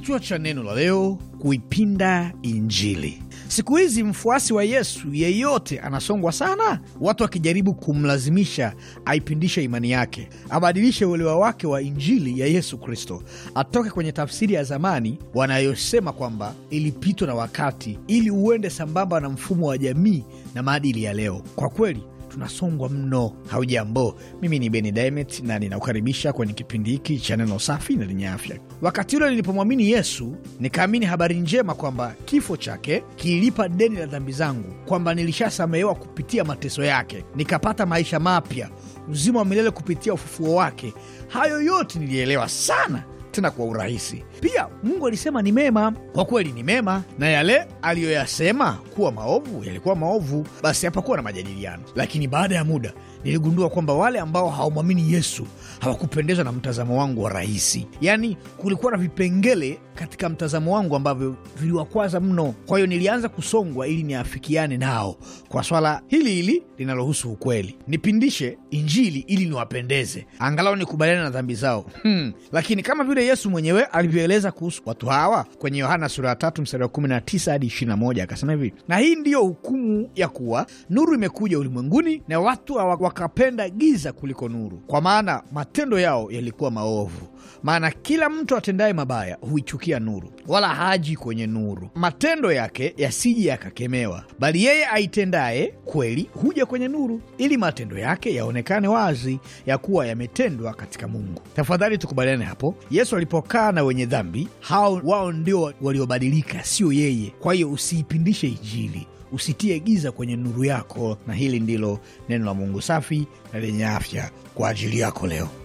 Kichwa cha neno la leo: kuipinda Injili. Siku hizi mfuasi wa Yesu yeyote anasongwa sana, watu wakijaribu kumlazimisha aipindishe imani yake, abadilishe uelewa wake wa Injili ya Yesu Kristo, atoke kwenye tafsiri ya zamani wanayosema kwamba ilipitwa na wakati, ili uende sambamba na mfumo wa jamii na maadili ya leo. Kwa kweli tunasongwa mno. Haujambo, mimi ni Beni Dimet na ninakukaribisha kwenye kipindi hiki cha neno safi na lenye afya. Wakati ule nilipomwamini Yesu nikaamini habari njema kwamba kifo chake kiilipa deni la dhambi zangu, kwamba nilishasamehewa kupitia mateso yake, nikapata maisha mapya, uzima wa milele kupitia ufufuo wake. Hayo yote nilielewa sana tena kwa urahisi. Pia Mungu alisema ni mema, kwa kweli ni mema, na yale aliyoyasema kuwa maovu yalikuwa maovu. Basi hapakuwa na majadiliano. Lakini baada ya muda niligundua kwamba wale ambao hawamwamini Yesu hawakupendezwa na mtazamo wangu wa rahisi. Yaani, kulikuwa na vipengele katika mtazamo wangu ambavyo viliwakwaza mno. Kwa hiyo nilianza kusongwa ili niafikiane nao kwa swala hili hili linalohusu ukweli, nipindishe Injili ili niwapendeze, angalau nikubaliane na dhambi zao. Hmm, lakini kama vile vile Yesu mwenyewe alivyoeleza kuhusu watu hawa kwenye Yohana sura ya 3 mstari wa 19 hadi 21, akasema hivi: na hii ndiyo hukumu ya kuwa nuru imekuja ulimwenguni, na watu wakapenda giza kuliko nuru, kwa maana matendo yao yalikuwa maovu. Maana kila mtu atendaye mabaya huichukia nuru, wala haji kwenye nuru, matendo yake yasije yakakemewa. Bali yeye aitendaye kweli huja kwenye nuru, ili matendo yake yaonekane wazi ya kuwa yametendwa katika Mungu. Tafadhali tukubaliane hapo Yesu Yesu alipokaa na wenye dhambi hao, wao ndio waliobadilika, sio yeye. Kwa hiyo usiipindishe Injili, usitie giza kwenye nuru yako. Na hili ndilo neno la Mungu safi na lenye afya kwa ajili yako leo.